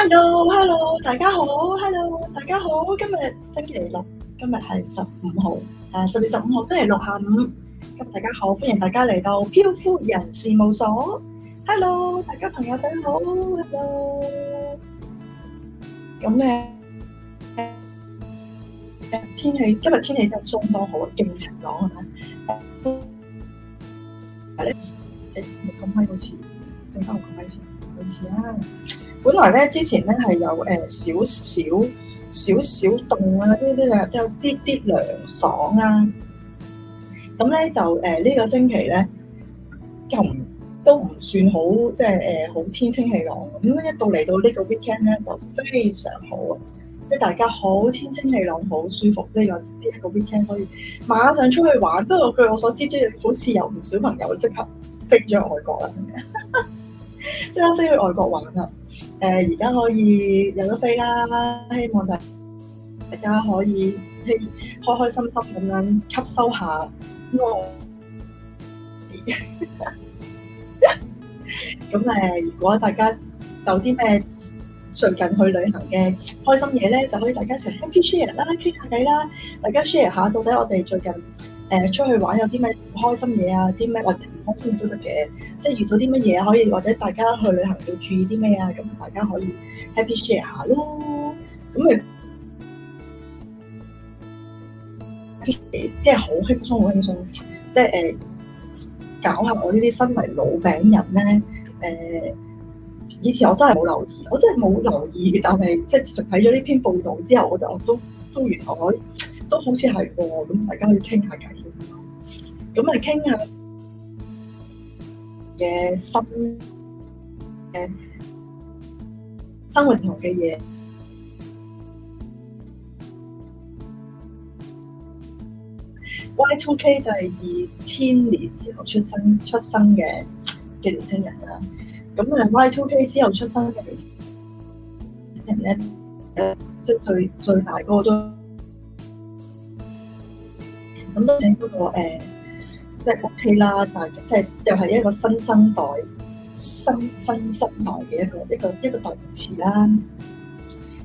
Hello，Hello，hello，大家好，Hello，大家好，今日星期六，今日係十五號，誒，十月十五號星期六下午，今日大家好，歡迎大家嚟到漂夫人事務所，Hello，大家朋友仔好，Hello，咁咧，天，天氣今日天，天氣真係相當好，勁晴朗係咪？誒，你唔該，麥子，先翻我個麥子，唔該晒。本來咧，之前咧係有誒少少少少凍啊，呢啲有啲啲涼爽啊。咁咧就誒呢、呃，這個星期咧，又唔都唔算好，即係誒好天清氣朗咁樣。一、嗯、到嚟到個呢個 weekend 咧，就非常好啊，即係大家好天清氣朗，好舒服。呢、這個呢一、這個 weekend 可以馬上出去玩。不過據我所知，最近好似有唔少朋友即刻飛咗外國啦。 即刻飛去外國玩啦！誒，而家可以有得飛啦，希望就大家可以希開開心心咁樣吸收下。咁誒，如果大家有啲咩最近去旅行嘅開心嘢咧，就可以大家一齊 happy share 啦，傾下偈啦，大家 share 下到底我哋最近誒出去玩有啲咩開心嘢啊，啲咩或者。都得嘅，即係遇到啲乜嘢可以，或者大家去旅行要注意啲咩啊？咁大家可以 happy share 下咯。咁咪即係好輕鬆，好輕鬆。即係誒、欸，搞下我呢啲身為老餅人咧，誒、欸，以前我真係冇留意，我真係冇留意。但係即係睇咗呢篇報道之後，我就都都原來都好似係咁，大家可以傾下偈咁啊，咁咪傾下。嘅生生活同嘅嘢，Y two K 就係二千年之後出生出生嘅年輕人啊。咁啊，Y two K 之後出生嘅年輕人呢？即最最大嗰個都咁都請嗰個誒。欸即係 OK 啦，但係即係又係一個新生代，新新生代嘅一個一個一個代名詞啦。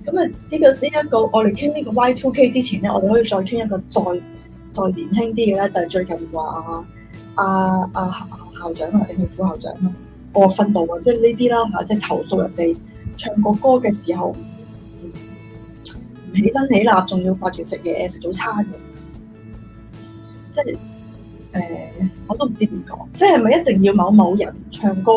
咁啊、這個，呢個呢一個我哋傾呢個 Y Two K 之前咧，我哋可以再傾一個再再年輕啲嘅咧，就係、是、最近話阿阿阿校長定係副校長啊，我訓導、就是、啊，即係呢啲啦吓，即係投訴人哋唱過歌嘅時候唔、嗯、起身起立，仲要掛住食嘢食早餐嘅，即、就、係、是。誒、呃，我都唔知點講，即係咪一定要某某人唱歌，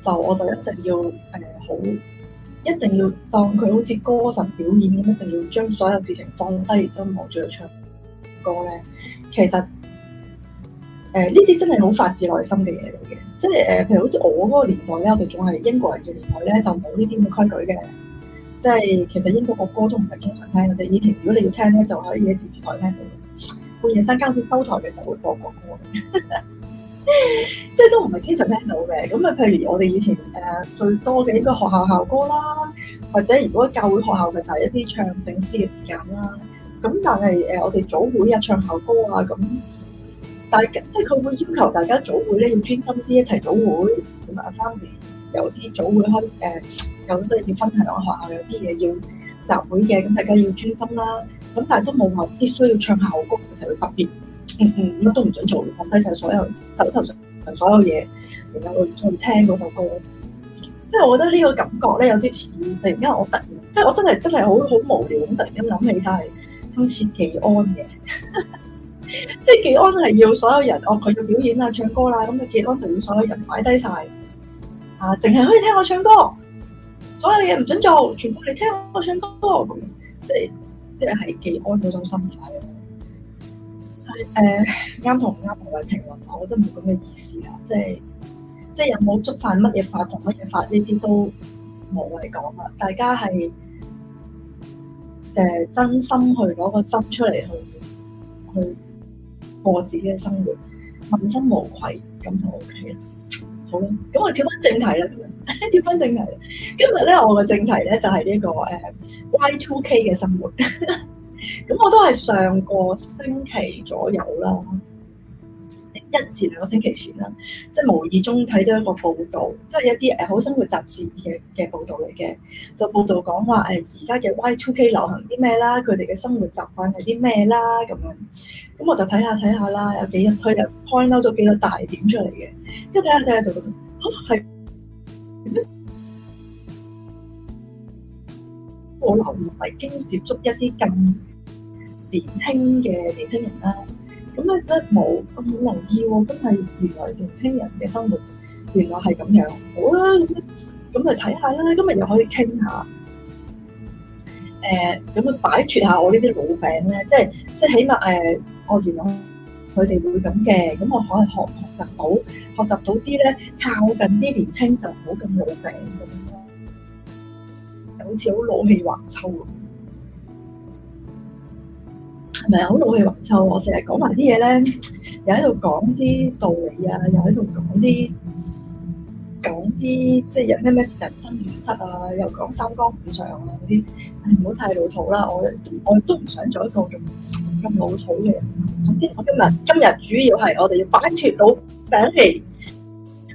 就我就一定要誒、呃、好，一定要當佢好似歌神表演咁，一定要將所有事情放低，然之後望住佢唱歌咧。其實誒呢啲真係好發自內心嘅嘢嚟嘅，即係誒、呃，譬如好似我嗰個年代咧，我哋仲係英國人嘅年代咧，就冇呢啲咁嘅規矩嘅，即係其實英國個歌都唔係經常聽嘅啫。以前如果你要聽咧，就可以喺電視台聽到。半夜三更先收台嘅時候會播國歌，即係都唔係經常聽到嘅。咁啊，譬如我哋以前誒、呃、最多嘅應該學校校歌啦，或者如果教會學校咪就係一啲唱聖詩嘅時間啦。咁但係誒、呃、我哋早會啊唱校歌啊咁，但家即係佢會要求大家早會咧要專心啲一齊早會。咁啊，阿 s a 有啲早會開誒、呃，有啲要分享我學校有啲嘢要。集會嘅咁，大家要專心啦。咁但係都冇話必須要唱校歌，其實會特別，嗯嗯，乜都唔準做，放低晒所有手頭上所有嘢，然後去去聽嗰首歌。即係我覺得呢個感覺咧，有啲似突然間我突然，即係我真係真係好好無聊咁，突然間諗起係好似技安嘅， 即係技安係要所有人，哦佢嘅表演啦、唱歌啦，咁啊技安就要所有人擺低晒，啊，淨係可以聽我唱歌。所有嘢唔准做，全部你聽我唱歌，咁即係即係係幾安好種心態嘅。係、呃、啱同唔啱無謂評論，我覺得唔係咁嘅意思啊。即係即係有冇觸犯乜嘢法同乜嘢法呢啲都冇謂講啦。大家係誒、呃、真心去攞個心出嚟去去過自己嘅生活，問心無愧咁就 OK 啦。好啦，咁我哋跳翻正題啦，跳翻正題。今日咧，我嘅正題咧就係呢個誒 Y2K 嘅生活。咁 我都係上個星期左右啦。一至兩個星期前啦，即係無意中睇到一個報道，即係一啲誒好生活雜誌嘅嘅報道嚟嘅，就報道講話誒而家嘅 Y two K 流行啲咩啦，佢哋嘅生活習慣係啲咩啦咁樣，咁我就睇下睇下啦，有幾日佢就 point out 咗幾粒大點出嚟嘅，一睇下睇下就覺得嚇係，我留意經接觸一啲咁年輕嘅年輕人啦。咁咧，冇咁好容易喎！真係，原來年輕人嘅生活原來係咁樣，好啦，咁咁咪睇下啦，今日又可以傾下，誒，咁樣擺脫下我呢啲老餅咧，即係即係起碼誒，我原來佢哋會咁嘅，咁我可能學學習到，學習到啲咧靠近啲年輕人就唔好咁老餅咁咯，好似好老氣橫秋喎。係咪好老氣橫秋？我成日講埋啲嘢咧，又喺度講啲道理啊，又喺度講啲講啲即係咩咩人生原則啊，又講三綱五常啊嗰啲。唔好太老土啦，我我都唔想做一個咁老土嘅人。總之我今日今日主要係我哋要擺脫老餅氣，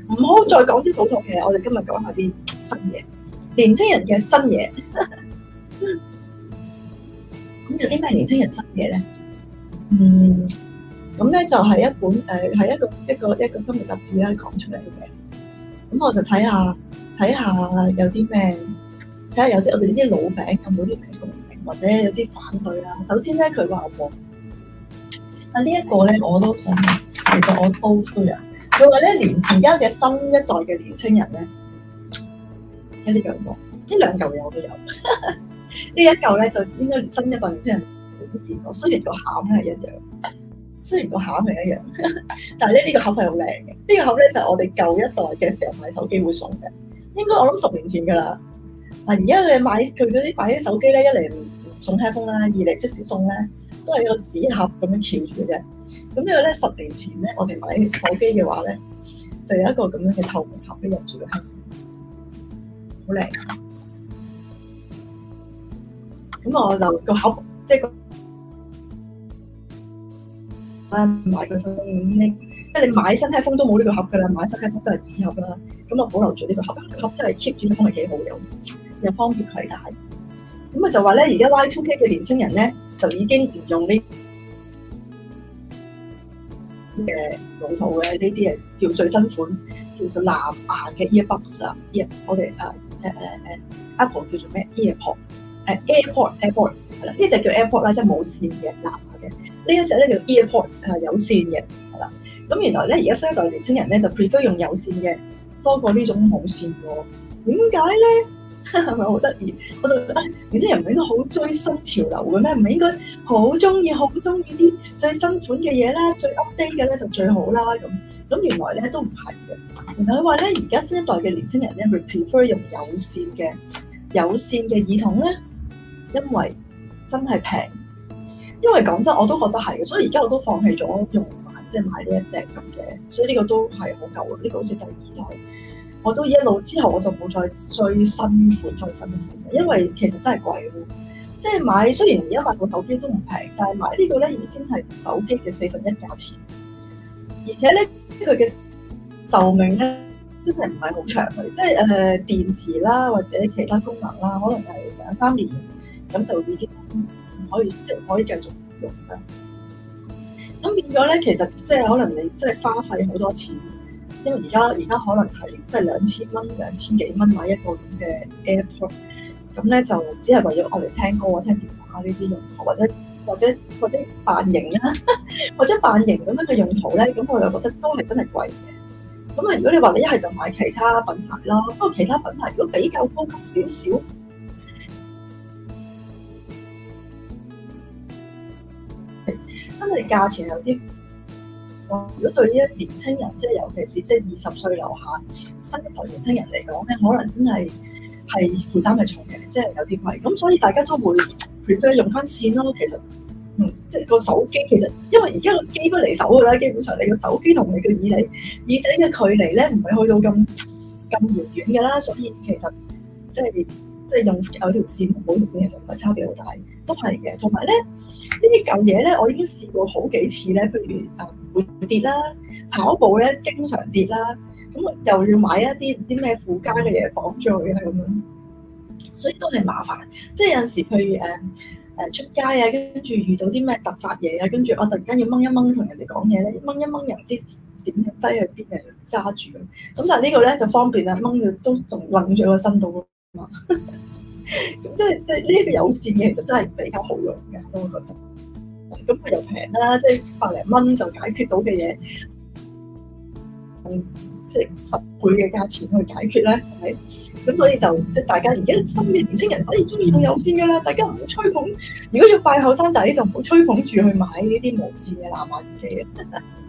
唔好再講啲老土嘅。我哋今日講下啲新嘢，年輕人嘅新嘢。咁有啲咩年輕人新嘢咧？嗯，咁咧就係一本誒，係一個一個一個生活雜誌啦，講出嚟嘅。咁我就睇下睇下有啲咩，睇下有啲我哋呢啲老餅有冇啲咩共鳴，或者有啲反對啦。首先咧，佢話喎，啊呢一個咧我都想，其實我都都有。佢話咧，年而家嘅新一代嘅年輕人咧，一嚿有，一兩嚿嘢我都有。一呢一嚿咧就應該新一代啲人冇見過，雖然個盒咧係一樣，雖然個盒係一樣， 但係咧呢個盒係好靚嘅。呢、這個盒咧就係、是、我哋舊一代嘅時候買手機會送嘅，應該我諗十年前㗎啦。嗱而家佢買佢嗰啲買啲手機咧，一嚟唔送 headphone 啦，二嚟即使送咧都係個紙盒咁樣翹住嘅啫。咁因為咧十年前咧我哋買手機嘅話咧，就有一個咁樣嘅透明盒嚟入住嘅，好靚。咁我留個盒，即係、嗰個啦，買個新呢，即係你買新 iPhone 都冇呢個盒噶啦，買新 iPhone 都係紙盒啦。咁我保留住呢個盒，嗰個、盒真係 keep 住嘅，真係幾好用，又方便攜帶。咁咪就話咧，而家 Y2K 嘅年青人咧，就已經唔用呢嘅老套嘅呢啲，係叫最新款叫做藍牙嘅 Earbuds 啊，Ear，我哋誒誒誒 Apple 叫做咩 EarPod。Ear 誒 airport，airport 係啦，呢隻呢就叫 airport 啦，即係冇線嘅，藍牙嘅呢一隻咧叫 airport，係有線嘅，係啦。咁原來咧，而家新一代年輕人咧就 prefer 用有線嘅多過種呢種冇線喎。點解咧？係咪好得意？我就覺得、哎、年輕人唔係應該好追新潮流嘅咩？唔係應該好中意、好中意啲最新款嘅嘢啦、最 update 嘅咧就最好啦咁。咁原來咧都唔係嘅。原來佢話咧，而家新一代嘅年輕人咧，prefer 用有線嘅有線嘅耳筒咧。因為真係平，因為講真我都覺得係，所以而家我都放棄咗用買，即係買呢一隻咁嘅，所以呢個都係好舊啦。呢個好似第二代，我都一路之後我就冇再追新款，追新款，因為其實真係貴咯。即係買，雖然而家買部手機都唔平，但係買呢個咧已經係手機嘅四分一價錢，而且咧佢嘅壽命咧真係唔係好長嘅，即係誒電池啦或者其他功能啦，可能係兩三年。咁就已經唔可以，即係可以繼續用啦。咁變咗咧，其實即係可能你即係花費好多錢，因為而家而家可能係即係兩千蚊、兩千幾蚊買一個咁嘅 AirPod，咁咧就只係為咗我哋聽歌啊、聽電話呢啲用途，或者或者或者扮型啦，或者扮型咁 樣嘅用途咧，咁我又覺得都係真係貴嘅。咁啊，如果你話你一係就買其他品牌囉，不過其他品牌如果比較高級少少。價錢有啲，如果對呢一年青人，即係尤其是即係二十歲樓下新一代年青人嚟講咧，可能真係係負擔係重嘅，即係有啲貴。咁所以大家都會 prefer 用翻線咯。其實，嗯，即係個手機其實，因為而家機不離手㗎啦，基本上你個手機同你嘅耳嚟耳仔嘅距離咧，唔係去到咁咁遠遠㗎啦。所以其實即係即係用有條線同冇條線其實唔係差別好大。都係嘅，同埋咧呢啲舊嘢咧，我已經試過好幾次咧，譬如啊、嗯、會跌啦，跑步咧經常跌啦，咁、嗯、又要買一啲唔知咩附加嘅嘢綁住佢咁樣，所以都係麻煩。即係有陣時譬如誒誒出街啊，跟住遇到啲咩突發嘢啊，跟住我突然間要掹一掹同人哋講嘢咧，掹一掹又唔知點樣擠去邊嚟，揸住咁。咁、嗯、但係呢個咧就方便啊，掹咗都仲冷咗個身度咯。 咁即係即係呢個有線嘅其實真係比較好用嘅，咁我覺得，咁佢又平啦，即係百零蚊就解決到嘅嘢，嗯，即係十倍嘅價錢去解決咧，係咪？咁所以就即係大家而家新嘅年輕人可以中意用有線噶啦，大家唔好吹捧，如果要拜後生仔就唔好吹捧住去買呢啲無線嘅藍牙耳機啊。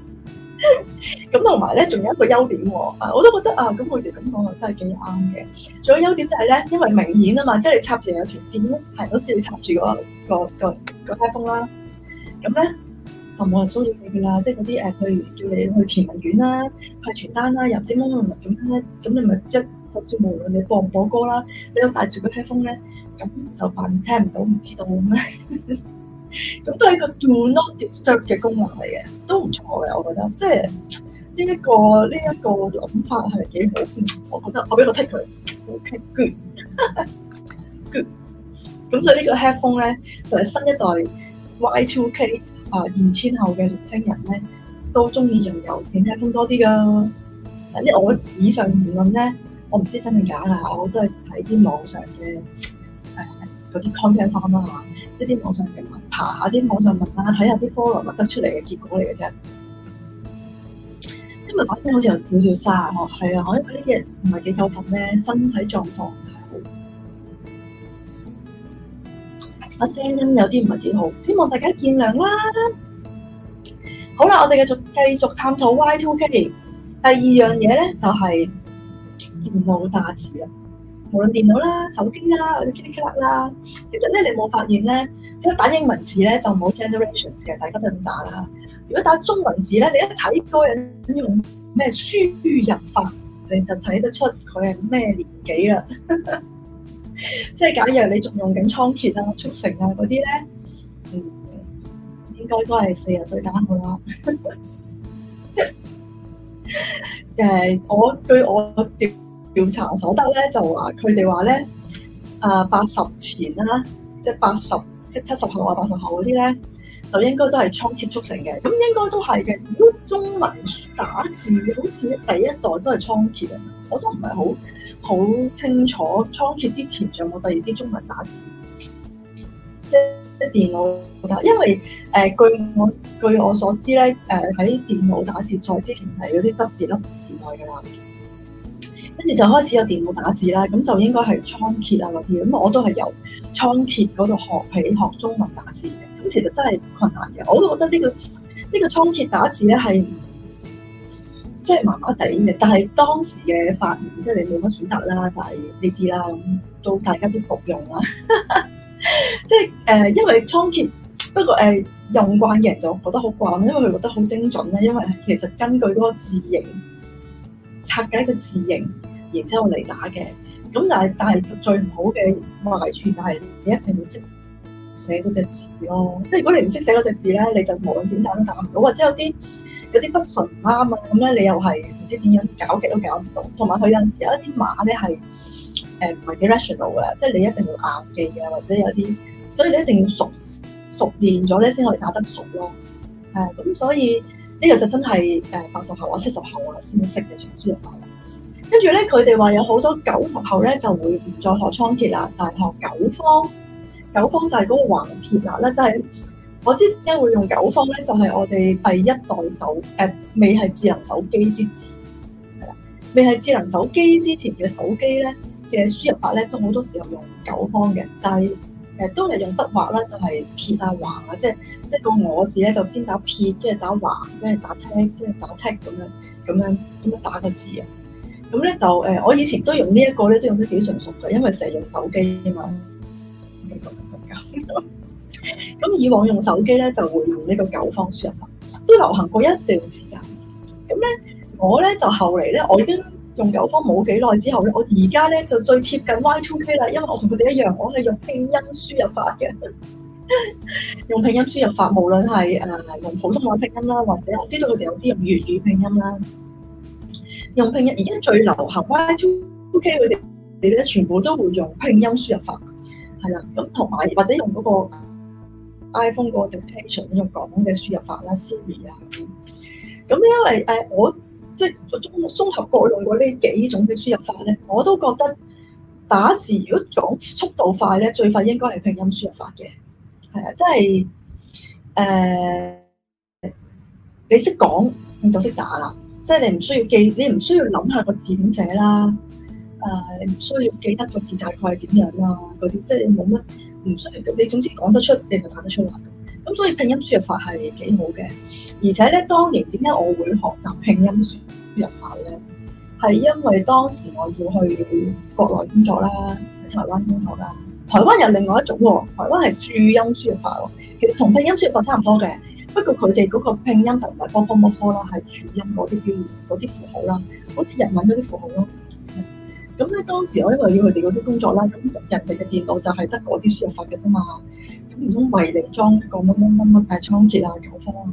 咁同埋咧，仲 有，有一個優點喎，啊，我都覺得啊，咁佢哋咁講又真係幾啱嘅。仲有優點就係咧，因為明顯啊嘛，即係你插住有條線咯，係好似你插住個個個個耳 phone 啦。咁咧就冇人騷擾你噶啦，即係嗰啲誒，譬、呃、如叫你去填問卷啦，派傳單啦，又唔知乜乜乜咁咧，咁你咪一，就算無論你播唔播歌啦，你都戴住個耳 phone 咧，咁就扮聽唔到唔知道。咁 咁都係一個 Do Not Disturb 嘅功能嚟嘅，都唔錯嘅，我覺得，即係呢一個呢一個、呢一個諗法係幾好，我覺得我俾個 tick 佢，OK，good，good。咁、okay, 所以個呢個 headphone 咧，就係、是、新一代 Y2K 啊、呃，二千後嘅年輕人咧都中意用有線 headphone 多啲噶。反正我以上言論咧，我唔知真定假啦，我都係睇啲網上嘅誒嗰啲 content 翻啦吓。一啲網上評論，爬下啲網上問啦，睇下啲 forum 得出嚟嘅結果嚟嘅啫。因為把聲好似有少少沙，哦，係啊，我因為呢幾日唔係幾夠瞓咧，身體狀況唔太好。把聲音有啲唔係幾好，希望大家見諒啦。好啦，我哋繼續繼續探討 Y Two K。第二樣嘢咧就係電腦打字啊。無論電腦啦、手機啦或者噼里啪啦啦，其實咧你冇發現咧，如果打英文字咧就冇 generations，成日大家都咁打啦。如果打中文字咧，你一睇嗰個人用咩輸入法，你就睇得出佢係咩年紀啦。即 係假如你仲用緊倉頡啊、速成啊嗰啲咧，嗯，應該都係四十歲打嘅啦。誒， 我對我調查所得咧就話，佢哋話咧，啊八十前啦，即八十即七十後啊，八十後嗰啲咧，就應該都係倉頡速成嘅。咁應該都係嘅。如果中文打字嘅，好似第一代都係倉頡啊，我都唔係好好清楚倉頡之前仲有冇第二啲中文打字，即即電腦打。因為誒、呃，據我據我所知咧，誒、呃、喺電腦打字再之前係嗰啲執字粒時代嘅啦。跟住就開始有電腦打字啦，咁就應該係倉頡啊嗰啲，咁、嗯、我都係由倉頡嗰度學起學中文打字嘅。咁、嗯、其實真係困難嘅，我都覺得呢、這個呢、這個倉頡打字咧係即係麻麻地嘅。但係當時嘅發明，即係你冇乜選擇啦，就係呢啲啦，咁都大家都服用啦。 即係誒、呃，因為倉頡不過誒、呃、用慣嘅人就覺得好慣，因為佢覺得好精準。咧。因為其實根據嗰個字形。拆解個字形，然之後嚟打嘅。咁但係但係最唔好嘅壞處就係、是、你一定要識寫嗰隻字咯。即係如果你唔識寫嗰隻字咧，你就無論點打都打唔到。或者有啲有啲不純唔啱啊，咁、嗯、咧你又係唔知點樣搞極都搞唔到。同埋佢有陣時有一啲碼咧係誒唔係幾 rational 嘅，即係你一定要硬記嘅，或者有啲，所以你一定要熟熟練咗咧先可以打得熟咯。係、嗯、咁所以。呢個就真係誒八十後或七十後啊先識嘅全輸入法啦。跟住咧，佢哋話有好多九十後咧就會唔再學倉頡啦，但係學九方。九方就係嗰個橫撇啦、啊，咧就係、是、我知之解知點解會用九方咧，就係、是、我哋第一代手誒、呃、未係智能手機之前，係啦，未係智能手機之前嘅手機咧嘅輸入法咧，都好多時候用九方嘅、呃，就係誒都係用筆畫啦，就係撇啊橫啊，即係。即係個我字咧，就先打撇，跟住打橫，跟住打聽，跟住打聽咁樣，咁樣咁樣打個字啊！咁咧就誒、呃，我以前都用呢一個咧，都用得幾純熟㗎，因為成日用手機啊嘛。咁 以往用手機咧，就會用呢個九方輸入法，都流行過一段時間。咁咧，我咧就後嚟咧，我已經用九方冇幾耐之後咧，我而家咧就最貼近 Y2K 啦，因為我同佢哋一樣，我係用拼音輸入法嘅。 用拼音輸入法，無論係誒用普通話拼音啦，或者我知道佢哋有啲用粵語拼音啦。用拼音而家最流行，Y2K 佢哋，b 你咧全部都會用拼音輸入法係啦。咁同埋或者用嗰個 iPhone 個 Dictation 用講嘅輸入法啦，Siri 啊咁。因為誒、呃、我即係綜綜合過用過呢幾種嘅輸入法咧，我都覺得打字如果講速度快咧，最快應該係拼音輸入法嘅。誒、呃，即係誒，你識講你就識打啦。即係你唔需要記，你唔需要諗下個字點寫啦、呃。你唔需要記得個字大概係點樣啦。嗰啲即係你冇乜唔需要。你總之講得出你就打得出嚟。咁所以拼音輸入法係幾好嘅。而且咧，當年點解我會學習拼音輸入法咧？係因為當時我要去國內工作啦，去台灣工作啦。台灣有另外一種喎，台灣係注音輸入法喎，其實同拼音輸入法差唔多嘅，不過佢哋嗰個拼音就唔係波波乜波啦，係注音嗰啲標嗰啲符號啦，好似日文嗰啲符號咯。咁咧當時我因為要佢哋嗰啲工作啦，咁人哋嘅電腦就係得嗰啲輸入法嘅啫嘛，咁唔通為你裝個乜乜乜乜啊，倉頡啊，九方啊？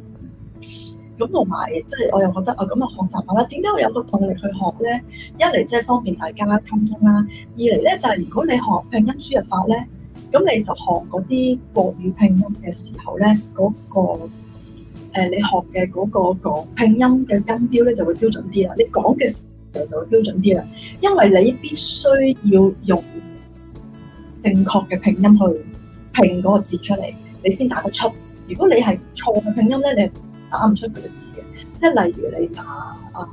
咁同埋，即係、就是、我又覺得啊，咁、哦、啊學習下啦，點解我有個動力去學咧？一嚟即係方便大家溝通啦，二嚟咧就係、是、如果你學拼音輸入法咧，咁你就學嗰啲國語拼音嘅時候咧，嗰、那個、呃、你學嘅嗰、那個講、那個、拼音嘅音標咧就會標準啲啦，你講嘅時候就會標準啲啦，因為你必須要用正確嘅拼音去拼嗰個字出嚟，你先打得出。如果你係錯嘅拼音咧，你打唔出佢嘅字嘅，即係例如你打啊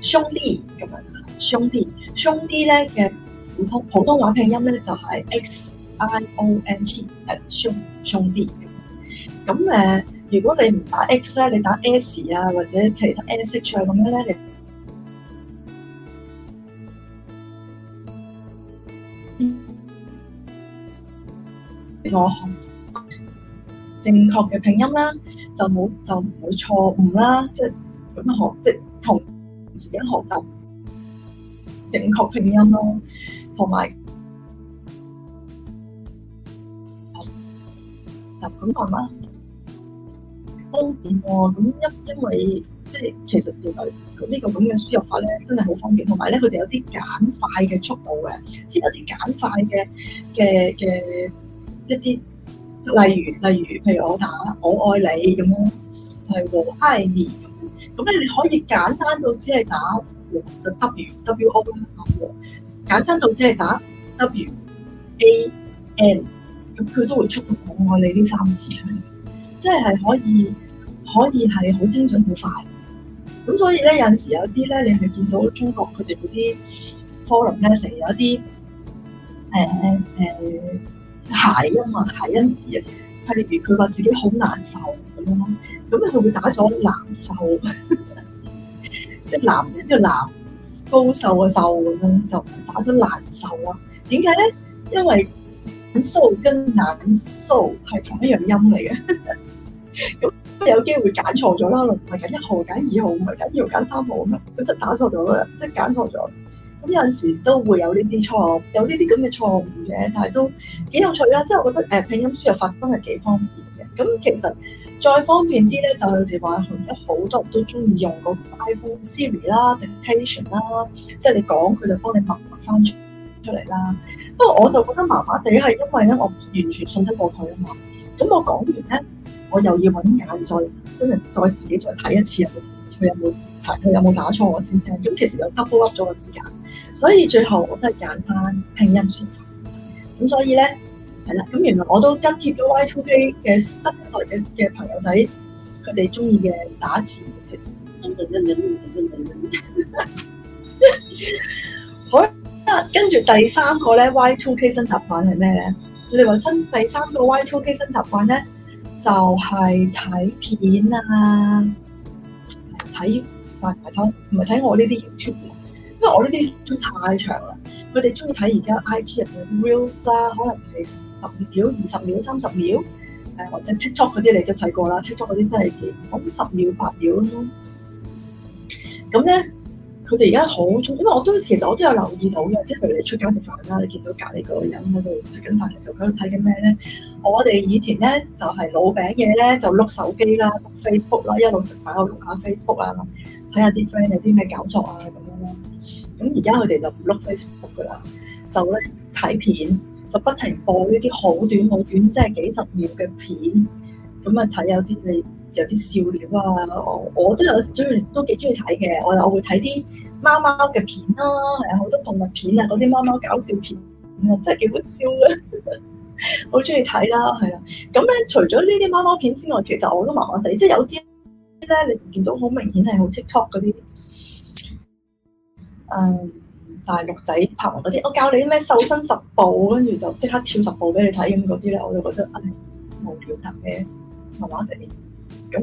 兄弟咁樣，兄弟兄弟咧嘅普通普通話拼音咧就係 xiong，係兄兄弟咁。咁誒，如果你唔打 x 咧，你打 s 啊，或者其他 sh 啊咁樣咧，你我學正確嘅拼音啦。就冇就唔會錯誤啦，即係咁樣學，即係同自己學習正確拼音咯，同埋就習慣啦。咁咁因因為即係其實原來呢個咁嘅輸入法咧，真係好方便，同埋咧佢哋有啲簡快嘅速度嘅，即係一啲簡快嘅嘅嘅一啲。例如，例如，譬如我打我愛你咁咯，係和 I N 咁。咁咧你可以簡單到只係打就 W W O 咁，簡單到只係打 W A N，咁佢都會出到我愛你呢三個字嘅，即係係可以可以係好精準、好快。咁所以咧有陣時有啲咧你係見到中國佢哋嗰啲 follow message 有一啲誒誒。呃呃呃諧音啊，諧音字啊，譬如佢話自己好難受咁樣咯，咁佢會打咗難受，即係男人嘅男高瘦嘅瘦咁樣，就打咗難受啦。點解咧？因為蘇、so、跟難蘇係同一樣音嚟嘅，咁有機會揀錯咗啦。唔係揀一號，揀二號，唔係揀二號，揀三號咁樣，即係打錯咗啦，即係揀錯咗。咁、嗯、有陣時都會有呢啲錯誤，有呢啲咁嘅錯誤嘅，但係都幾有趣啦。即係我覺得誒、呃、拼音輸入法真係幾方便嘅。咁、嗯、其實再方便啲咧，就係話好多人都中意用、個 iPhone Siri 啦，Dictation 啦，係啊啊、即係你講佢就幫你默讀翻出嚟啦。不過我就覺得麻麻地係因為咧，我完全信得過佢啊嘛。咁、嗯、我講完咧，我又要揾下再，真係再自己再睇一次啊，佢有冇？佢有冇打錯我先聲？咁其實又 double up 咗個時間，所以最後我都係揀翻拼音輸入。咁所以咧，係啦。咁原來我都跟貼咗 Y Two K 嘅室內嘅嘅朋友仔，佢哋中意嘅打字模式。 好，跟住第三個咧，Y Two K 新習慣係咩咧？我哋話新第三個 Y Two K 新習慣咧，就係、是、睇片啊，睇。但唔係睇唔係睇我呢啲 YouTube，因為我呢啲 YouTube 太長啦，佢哋中意睇而家 IG 入面 reels 啦，可能係十秒、二十秒、三十秒，誒或者 TikTok 嗰啲你都睇過啦，TikTok 嗰啲真係幾，可能十秒八秒咯，咁、嗯、咧。佢哋而家好中，因為我都其實我都有留意到嘅，即係譬如你出街食飯啦，你見到隔離嗰個人喺度食緊飯嘅時候，佢喺度睇緊咩咧？我哋以前咧就係老餅嘢咧就碌手機啦，碌 Facebook 啦，一路食飯一路碌下 Facebook 啦，睇下啲 friend 有啲咩搞作啊咁樣啦。咁而家佢哋就唔碌 Facebook 㗎啦，就咧睇片就不停播呢啲好短好短，即係幾十秒嘅片，咁啊睇有啲你。有啲笑料啊！我我都有中意，都幾中意睇嘅。我我會睇啲貓貓嘅片啦、啊，係好、啊、多動物片啊，嗰啲貓貓搞笑片、啊、真係幾好笑， 啊，好中意睇啦，係啊。咁咧，除咗呢啲貓貓片之外，其實我都麻麻地，即係有啲咧，你見到好明顯係好 TikTok 嗰啲，誒大陸仔拍嗰啲，我教你咩瘦身十步，跟住就即刻跳十步俾你睇咁嗰啲咧，我就覺得唉、哎、無聊得嘅，麻麻地。咁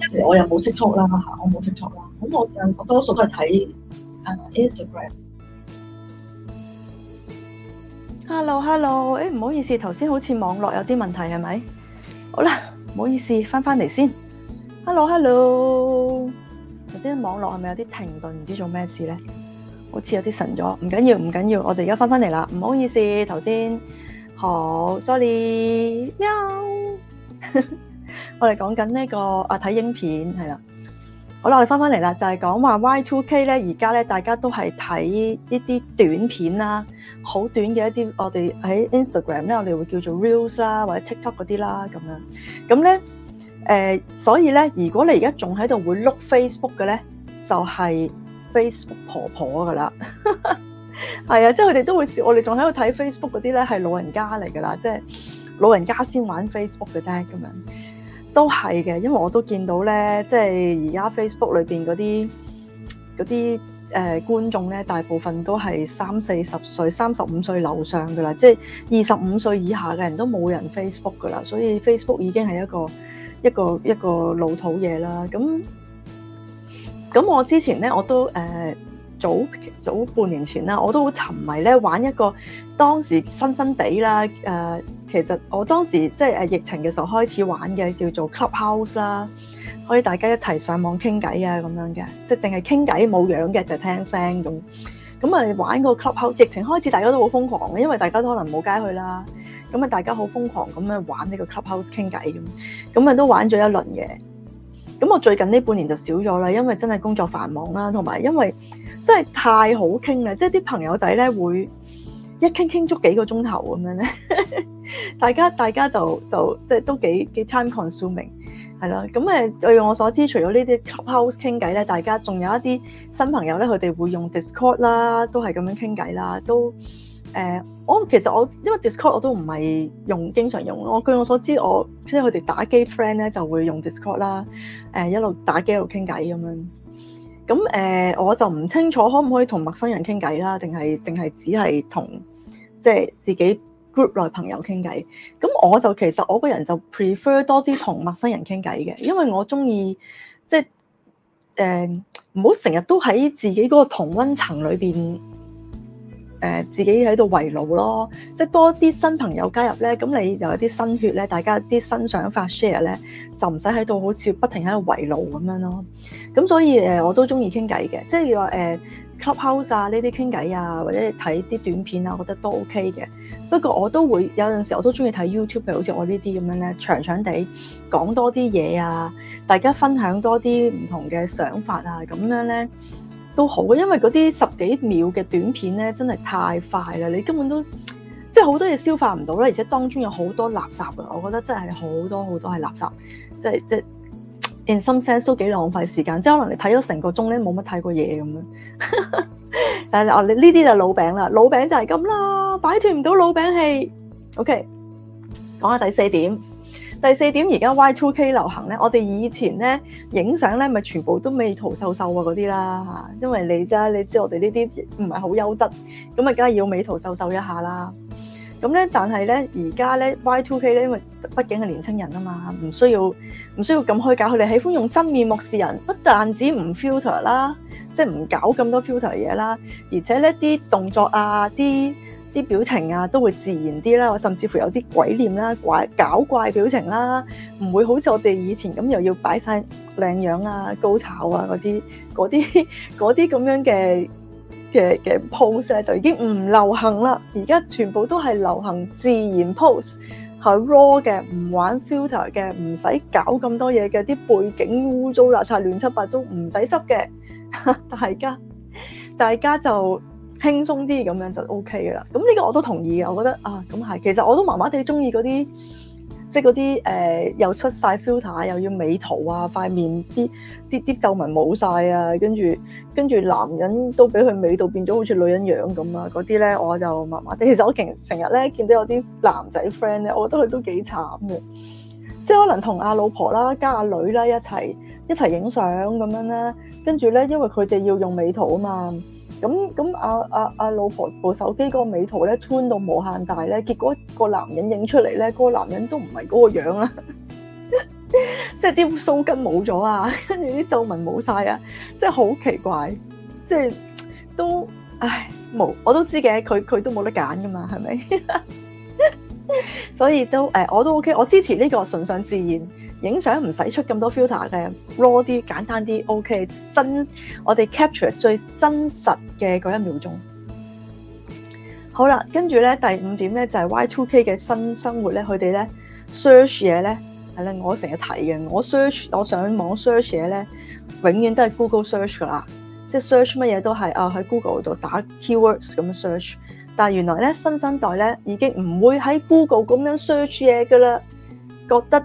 一嚟我又冇 TikTok 啦嚇，我冇 TikTok 啦。咁我就我多數都係睇啊 Instagram。Hello hello，哎唔好意思，頭先好似網絡有啲問題係咪？好啦，唔好意思，翻翻嚟先。Hello hello，頭先網絡係咪有啲停頓，唔知做咩事咧？好似有啲神咗，唔緊要唔緊要，我哋而家翻翻嚟啦，唔好意思，頭先好，sorry 喵。我哋講緊呢個啊睇影片係啦，好啦，我哋翻翻嚟啦，就係講話 Y2K 咧，而家咧大家都係睇呢啲短片啦，好短嘅一啲我哋喺 Instagram 咧，我哋會叫做 Reels 啦，或者 TikTok 嗰啲啦咁樣。咁咧誒，所以咧，如果你而家仲喺度會碌 Facebook 嘅咧，就係、是、Facebook 婆婆噶啦，係 啊，即係佢哋都會笑我哋仲喺度睇 Facebook 嗰啲咧係老人家嚟噶啦，即係老人家先玩 Facebook 嘅啫咁樣。都係嘅，因為我都見到咧，即係而家 Facebook 裏邊嗰啲嗰啲誒、呃、觀眾咧，大部分都係三四十歲、三十五歲樓上噶啦，即係二十五歲以下嘅人都冇人 Facebook 噶啦，所以 Facebook 已經係一個一個一個老土嘢啦。咁咁，我之前咧我都誒、呃、早早半年前啦，我都好沉迷咧玩一個當時新新地啦誒。呃其實我當時即係誒疫情嘅時候開始玩嘅，叫做 clubhouse 啦，可以大家一齊上網傾偈啊咁樣嘅，即係淨係傾偈冇樣嘅，就聽聲咁。咁啊玩個 clubhouse，疫情開始大家都好瘋狂嘅，因為大家都可能冇街去啦，咁啊大家好瘋狂咁樣玩呢個 clubhouse 傾偈咁，咁啊都玩咗一輪嘅。咁我最近呢半年就少咗啦，因為真係工作繁忙啦，同埋因為真係太好傾啦，即係啲朋友仔咧會，一傾傾足幾個鐘頭咁樣咧，大家大家就就即係都幾幾 time consuming 係啦。咁誒，據我所知，除咗呢啲 clubhouse 傾偈咧，大家仲有一啲新朋友咧，佢哋會用 Discord 啦，都係咁樣傾偈啦，都、呃、誒，我其實我因為 Discord 我都唔係用經常用咯。據我所知，我即係佢哋打機 friend 咧就會用 Discord 啦、呃，誒一路打機一路傾偈咁樣。咁誒、呃，我就唔清楚可唔可以同陌生人傾偈啦，定係定係只係同即係自己 group 內朋友傾偈？咁我就其實我個人就 prefer 多啲同陌生人傾偈嘅，因為我中意即係誒唔好成日都喺自己嗰個同温層裏邊。誒、呃、自己喺度圍爐咯，即係多啲新朋友加入咧，咁你又有啲新血咧，大家啲新想法 share 咧，就唔使喺度好似不停喺度圍爐咁樣咯。咁所以誒、呃，我都中意傾偈嘅，即係話誒、呃、clubhouse 啊呢啲傾偈啊，或者睇啲短片啊，我覺得都 OK 嘅。不過我都會有陣時我都中意睇 YouTube，好似我這這呢啲咁樣咧，長長地講多啲嘢啊，大家分享多啲唔同嘅想法啊，咁樣咧。都好嘅，因為嗰啲十幾秒嘅短片咧，真係太快啦。你根本都即係好多嘢消化唔到啦，而且當中有好多垃圾啦。我覺得真係好多好多係垃圾，即係即係。In some sense 都幾浪費時間，即係可能你睇咗成個鐘咧，冇乜睇過嘢咁樣。 但係我呢啲就老餅啦，老餅就係咁啦，擺脫唔到老餅氣。OK，講下第四點。第四點，而家 Y2K 流行咧，我哋以前咧影相咧，咪全部都美圖秀秀啊嗰啲啦嚇，因為你咋，你知我哋呢啲唔係好優質，咁啊梗係要美圖秀秀一下啦。咁咧，但係咧而家咧 Y2K 咧，因為畢竟係年青人啊嘛，唔需要唔需要咁虛假，佢哋喜歡用真面目示人，不但止唔 filter 啦，即係唔搞咁多 filter 嘢啦，而且咧啲動作啊啲。啲表情啊，都會自然啲啦，甚至乎有啲鬼臉啦、怪搞怪表情啦，唔會好似我哋以前咁又要擺晒靚樣啊、高炒啊嗰啲嗰啲嗰啲咁樣嘅嘅嘅 pose 咧，就已經唔流行啦。而家全部都係流行自然 pose，係 raw 嘅，唔玩 filter 嘅，唔使搞咁多嘢嘅，啲背景污糟邋遢、亂七八糟，唔使執嘅。大家大家就，輕鬆啲咁樣就 OK 嘅啦。咁呢個我都同意嘅，我覺得啊，咁係。其實我都麻麻地中意嗰啲，即係嗰啲誒又出晒 filter，又要美圖啊，塊面啲啲啲皺紋冇晒啊，跟住跟住男人都俾佢美到變咗好似女人樣咁啊！嗰啲咧我就麻麻地。其實我成成日咧見到有啲男仔 friend 咧，我覺得佢都幾慘嘅，即係可能同阿老婆啦、加阿女啦一齊一齊影相咁樣啦，跟住咧因為佢哋要用美圖啊嘛。咁咁阿阿阿老婆部手機嗰個美圖咧，turn 到無限大咧，結果個男人影出嚟咧，個男人都唔係嗰個樣啦， 即係啲鬚根冇咗啊，跟住啲皺紋冇晒啊，即係好奇怪，即係都，唉，冇我都知嘅，佢佢都冇得揀㗎嘛，係咪？ 所以都誒，我都 OK，我支持呢、這個順其自然。影相唔使出咁多 filter 嘅 raw 啲簡單啲，OK 真我哋 capture 最真實嘅嗰一秒鐘。好啦，跟住咧第五點咧就係、是、Y two K 嘅新生活咧，佢哋咧 search 嘢咧係咧我成日睇嘅，我 search 我，我上網 search 嘢咧，永遠都係 Google search 噶啦，即係 search 乜嘢都係啊喺 Google 度打 keywords 咁樣 search，但係原來咧新生代咧已經唔會喺 Google 咁樣 search 嘢噶啦，覺得。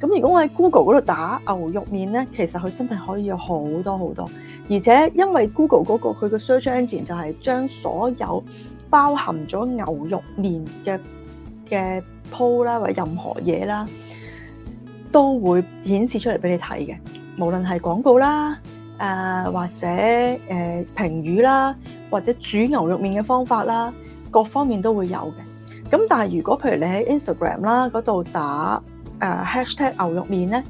咁如果我喺 Google 度打牛肉麵咧，其實佢真係可以有好多好多，而且因為 Google 嗰、那個嗰個佢嘅 search engine 就係將所有包含咗牛肉麵嘅嘅鋪啦或者任何嘢啦，都會顯示出嚟俾你睇嘅，無論係廣告啦，誒、呃、或者誒、呃、評語啦，或者煮牛肉麵嘅方法啦，各方面都會有嘅。咁但係如果譬如你喺 Instagram 啦嗰度打，Uh, hashtag 牛肉麵咧，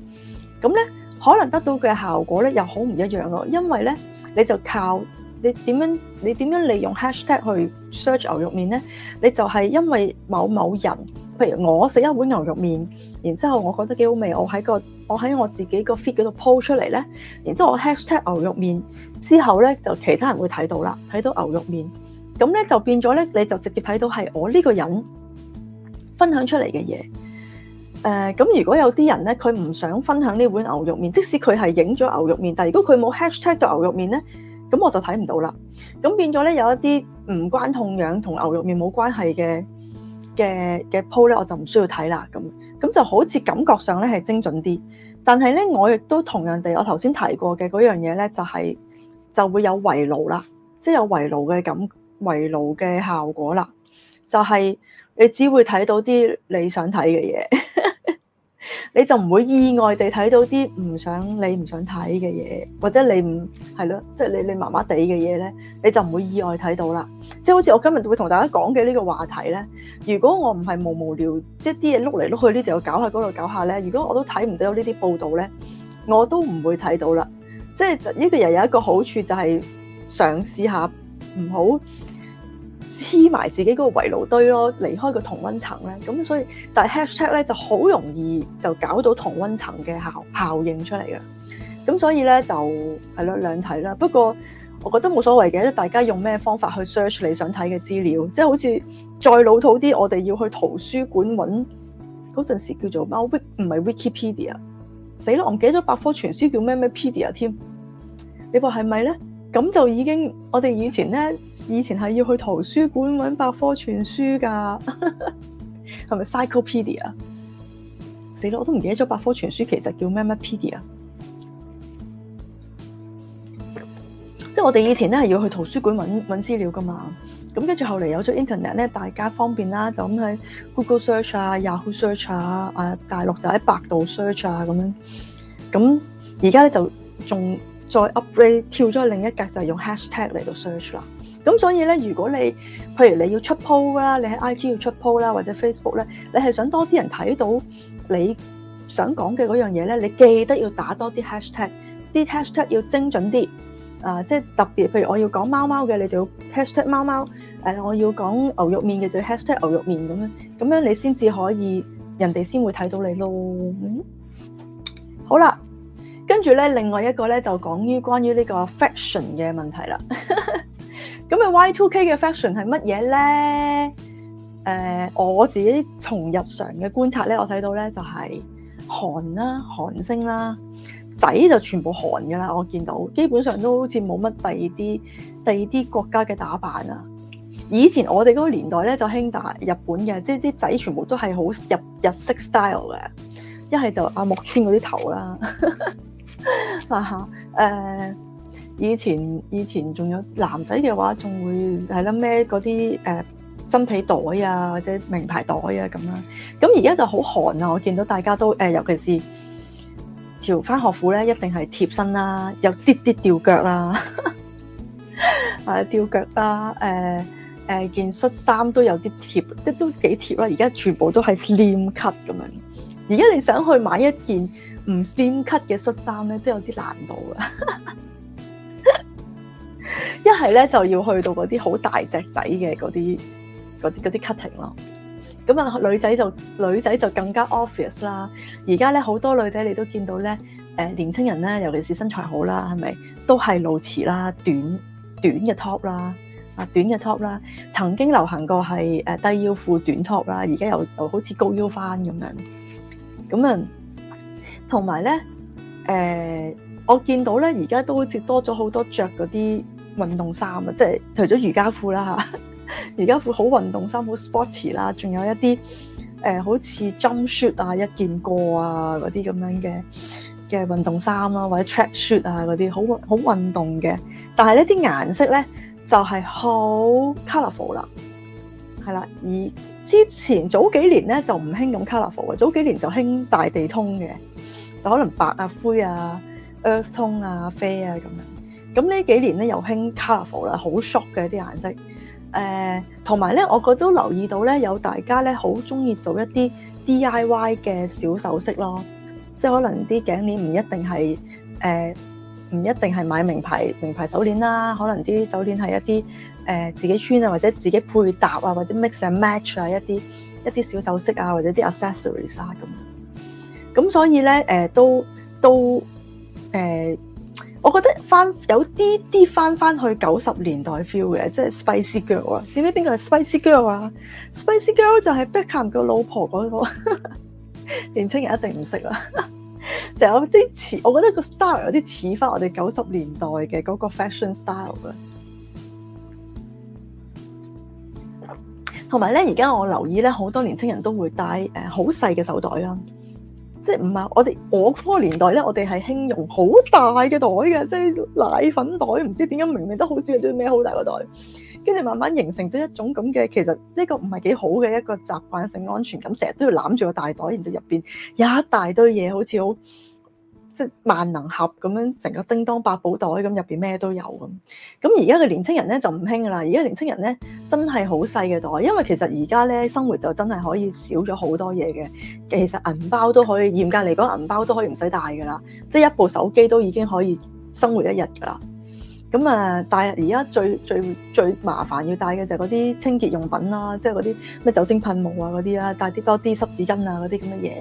咁咧可能得到嘅效果咧又好唔一樣咯，因為咧你就靠你點樣你點樣利用 hashtag 去 search 牛肉麵咧，你就係因為某某人，譬如我食一碗牛肉麵，然之後我覺得幾好味，我喺個我喺我自己個 feed 嗰度 po 出嚟咧，然之後我 hashtag 牛肉麵之後咧就其他人會睇到啦，睇到牛肉麵，咁咧就變咗咧你就直接睇到係我呢個人分享出嚟嘅嘢。誒咁、呃，如果有啲人咧，佢唔想分享呢碗牛肉麵，即使佢係影咗牛肉麵，但係如果佢冇 hashtag 到牛肉麵咧，咁我就睇唔到啦。咁變咗咧，有一啲唔關痛癢同牛肉麵冇關係嘅嘅嘅 po 咧，我就唔需要睇啦。咁咁就好似感覺上咧係精準啲，但係咧我亦都同樣地，我頭先提過嘅嗰樣嘢咧，就係、是、就會有圍爐啦，即係有圍爐嘅感圍爐嘅效果啦，就係、是、你只會睇到啲你想睇嘅嘢。你就唔會意外地睇到啲唔想你唔想睇嘅嘢，或者你唔係咯，即係、就是、你你麻麻地嘅嘢咧，你就唔會意外睇到啦。即係好似我今日會同大家講嘅呢個話題咧，如果我唔係無無聊，即係啲嘢碌嚟碌去呢度又搞下嗰度搞下咧，如果我都睇唔到呢啲報道咧，我都唔會睇到啦。即係呢個又有一個好處就係嘗試下唔好。黐埋自己嗰個圍爐堆咯，離開個同溫層咧，咁所以但係 hashtag 咧就好容易就搞到同溫層嘅效效應出嚟嘅，咁所以咧就係咯兩睇啦。不過我覺得冇所謂嘅，大家用咩方法去 search 你想睇嘅資料，即係好似再老土啲，我哋要去圖書館揾嗰陣時叫做貓 wik，唔係 Wikipedia，死咯！我唔記得咗百科全書叫咩咩 pedia 添，你話係咪咧？咁就已經，我哋以前咧，以前係要去圖書館揾百科全書噶，係咪？Cyclopedia？死咯，我都唔記得咗百科全書其實叫咩咩 Pedia。即係我哋以前咧係要去圖書館揾揾資料噶嘛，咁跟住後嚟有咗 Internet 咧，大家方便啦，就咁喺 Google search 啊、Yahoo search 啊、啊大陸就喺百度 search 啊咁樣。咁而家咧就仲，再 upgrade 跳咗另一格就係用 hashtag 嚟到 search 啦，咁所以咧，如果你譬如你要出 po 啦，你喺 IG 要出 po 啦，或者 Facebook 咧，你係想多啲人睇到你想講嘅嗰樣嘢咧，你記得要打多啲 hashtag，啲 hashtag 要精準啲，啊，即係特別，譬如我要講貓貓嘅，你就要 hashtag 貓貓，誒、呃，我要講牛肉麵嘅，就要 hashtag 牛肉麵咁樣，咁樣你先至可以，人哋先會睇到你咯，嗯，好啦。跟住咧，另外一個咧就講於關於呢個 fashion 嘅問題啦。咁 啊，Y2K 嘅 fashion 係乜嘢咧？誒、呃，我自己從日常嘅觀察咧，我睇到咧就係韓啦、韓星啦，仔就全部韓噶啦。我見到基本上都好似冇乜第二啲第二啲國家嘅打扮啊。以前我哋嗰個年代咧就興大日本嘅，即啲仔全部都係好日日式 style 嘅，一係就阿木村嗰啲頭啦。 啊吓，誒，以前以前仲有男仔嘅話，仲會係啦，孭嗰啲誒真皮袋啊，或者名牌袋啊咁啦。咁而家就好韓啊，我見到大家都誒、呃，尤其是條翻學褲咧，一定係貼身啦，有啲啲吊腳啦，呵呵啊吊腳啦，誒、呃、誒、呃、件恤衫都有啲貼，都都幾貼啦。而家全部都係 slim cut 咁樣。而家你想去買一件唔尖 cut 嘅恤衫咧，都有啲難度啊！ 一係咧就要去到嗰啲好大隻仔嘅嗰啲啲啲 cutting 咯。咁啊，女仔就女仔就更加 obvious 啦。而家咧好多女仔你都見到咧，誒、呃、年輕人咧，尤其是身材好啦，係咪都係露臍啦、短短嘅 top 啦、啊短嘅 top 啦。曾經流行過係誒低腰褲短 top 啦，而家又又好似高腰返咁樣，咁啊～同埋咧，誒、呃，我見到咧，而家都好似多咗好多着嗰啲運動衫啊，即係除咗瑜伽褲啦 瑜伽褲好運動衫好 sporty 啦，仲有一啲誒、呃，好似 jumpsuit 啊、一件過啊嗰啲咁樣嘅嘅運動衫啦，或者 tracksuit 啊嗰啲，好好運動嘅。但係呢啲顏色咧就係、是、好 colourful 啦，係啦。而之前早幾年咧就唔興咁 colourful 嘅，早幾年就興大地通嘅。可能白啊、灰啊、earth tone 啊、啡啊咁樣，咁呢幾年咧又興 colorful 啦、啊，好 short 嘅啲顏色。誒、呃，同埋咧，我覺得都留意到咧，有大家咧好中意做一啲 DIY 嘅小手飾咯。即係可能啲頸鏈唔一定係誒，唔、呃、一定係買名牌名牌手鏈啦。可能啲手鏈係一啲誒、呃、自己穿啊，或者自己配搭啊，或者 mix and match 啊一啲一啲小手飾啊，或者啲 accessories 啊咁。咁所以咧，誒、呃、都都誒、呃，我覺得翻有啲啲翻翻去九十年代 feel 嘅，即係 Spicy Girl, sp girl 啊！知唔知邊個係 Spicy Girl 啊？Spicy Girl 就係 Beckham 嘅老婆嗰個， 年輕人一定唔識啦。就有啲似，我覺得個 style 有啲似翻我哋九十年代嘅嗰個 fashion style 啊。同埋咧，而家我留意咧，好多年輕人都會戴誒好細嘅手袋啦、啊。即係唔係我哋我嗰個年代咧，我哋係興用好大嘅袋嘅，即係奶粉袋，唔知點解明明都好少，都要孭好大個袋，跟住慢慢形成咗一種咁嘅，其實呢個唔係幾好嘅一個習慣性安全感，成日都要攬住個大袋，然之後入邊有一大堆嘢，好似好。即係萬能盒咁樣，成個叮噹百寶袋咁，入邊咩都有咁。咁而家嘅年青人咧就唔興噶啦。而家年青人咧真係好細嘅袋，因為其實而家咧生活就真係可以少咗好多嘢嘅。其實銀包都可以，嚴格嚟講，銀包都可以唔使帶噶啦。即係一部手機都已經可以生活一日噶啦。咁啊，帶而家最最最麻煩要帶嘅就係嗰啲清潔用品啦，即係嗰啲咩酒精噴霧啊嗰啲啦，帶啲多啲濕紙巾啊嗰啲咁嘅嘢。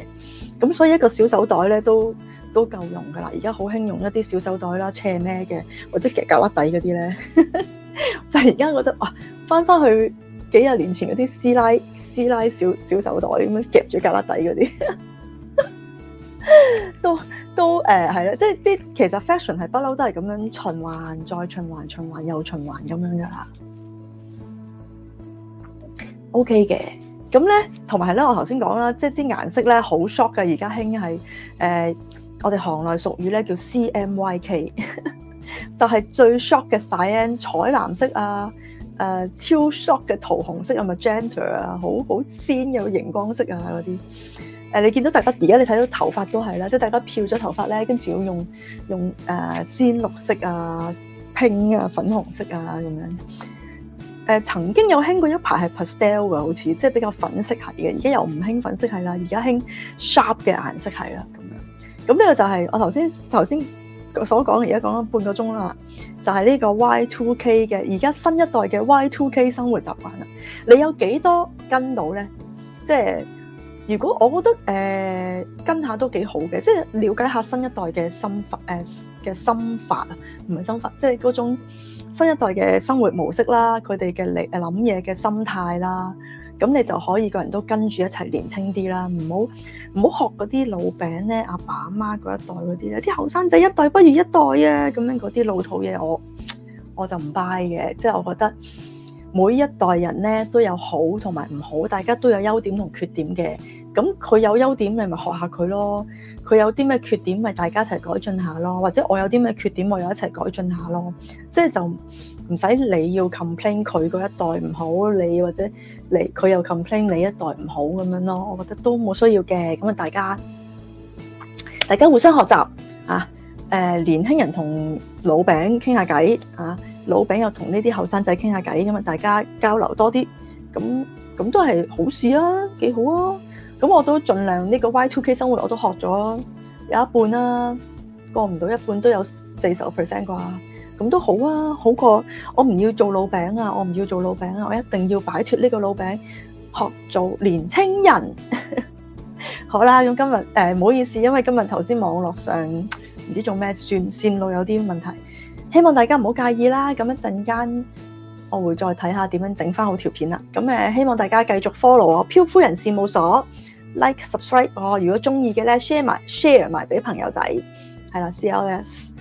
咁所以一個小手袋咧都。都夠用㗎啦！而家好興用一啲小手袋啦，斜孭嘅，或者夾膠粒底嗰啲咧。 就係而家覺得哇，翻、啊、翻去幾廿年前嗰啲師奶師奶小小手袋咁樣夾住膠粒底嗰啲， 都都誒係啦，即係啲其實 fashion 係不嬲都係咁樣循環再循環，循環又循環咁樣㗎啦。O K 嘅咁咧，同埋咧，我頭先講啦，即係啲顏色咧好 short 嘅，而家興係誒。呃我哋行內俗語咧叫 CMYK， 就係最 shock 嘅 cyan 彩藍色啊，誒、呃、超 shock 嘅桃紅色啊，magenta 啊，好好鮮嘅熒光色啊嗰啲，誒、呃、你見到大家而家你睇到頭髮都係啦，即係大家漂咗頭髮咧，跟住要用用誒鮮、呃、綠色啊、pink 啊、粉紅色啊咁樣，誒、呃、曾經有興過一排係 pastel 嘅好似，即係比較粉色係嘅，而家又唔興粉色係啦，而家興 sharp 嘅顏色係啦。咁呢、嗯，這個就係我頭先頭先所講，而家講咗半個鐘啦。就係、是、呢個 Y2K 嘅，而家新一代嘅 Y2K 生活習慣啊，你有幾多跟到咧？即係如果我覺得誒、呃、跟下都幾好嘅，即係了解下新一代嘅心法誒嘅、呃、心法啊，唔係心法，即係嗰種新一代嘅生活模式啦，佢哋嘅理諗嘢嘅心態啦，咁你就可以個人都跟住一齊年輕啲啦，唔好，唔好學嗰啲老餅咧，阿爸阿媽嗰一代嗰啲咧，啲後生仔一代不如一代啊！咁樣嗰啲老土嘢，我我就唔 buy 嘅。即係我覺得每一代人咧都有好同埋唔好，大家都有優點同缺點嘅。咁佢有優點，你咪學下佢咯。佢有啲咩缺點，咪大家一齊改進下咯。或者我有啲咩缺點，我又一齊改進下咯。即係就。唔使你要 complain 佢嗰一代唔好，你或者你佢又 complain 你一代唔好咁樣咯，我覺得都冇需要嘅。咁啊，大家大家互相學習啊，誒、呃、年輕人同老餅傾下偈啊，老餅又同呢啲後生仔傾下偈咁啊，大家交流多啲，咁咁都係好事啊，幾好啊！咁我都盡量呢個 Y two K 生活我都學咗有一半啦、啊，過唔到一半都有四十個 percent 啩。咁都好啊，好過我唔要做老餅啊，我唔要做老餅啊，我一定要擺脫呢個老餅，學做年青人。 好啦，咁、嗯、今日誒唔好意思，因為今日頭先網絡上唔知做咩線線路有啲問題，希望大家唔好介意啦。咁一陣間我會再睇下點樣整翻好條片啦。咁、嗯、誒希望大家繼續 follow 我，漂夫人事務所 like subscribe 我、哦，如果中意嘅咧 share 埋 share 埋俾朋友仔，係啦 CLS。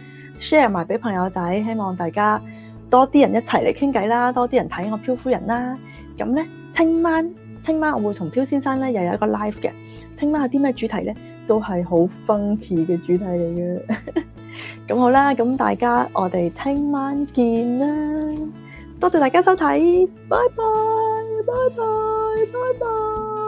share 埋俾朋友仔，希望大家多啲人一齊嚟傾偈啦，多啲人睇我漂夫人啦。咁咧，聽晚聽晚我會同漂先生咧又有一個 live 嘅。聽晚有啲咩主題咧，都係好 funky 嘅主題嚟嘅。咁 好啦，咁大家我哋聽晚見啦。多謝大家收睇，拜拜，拜拜，拜拜。拜拜。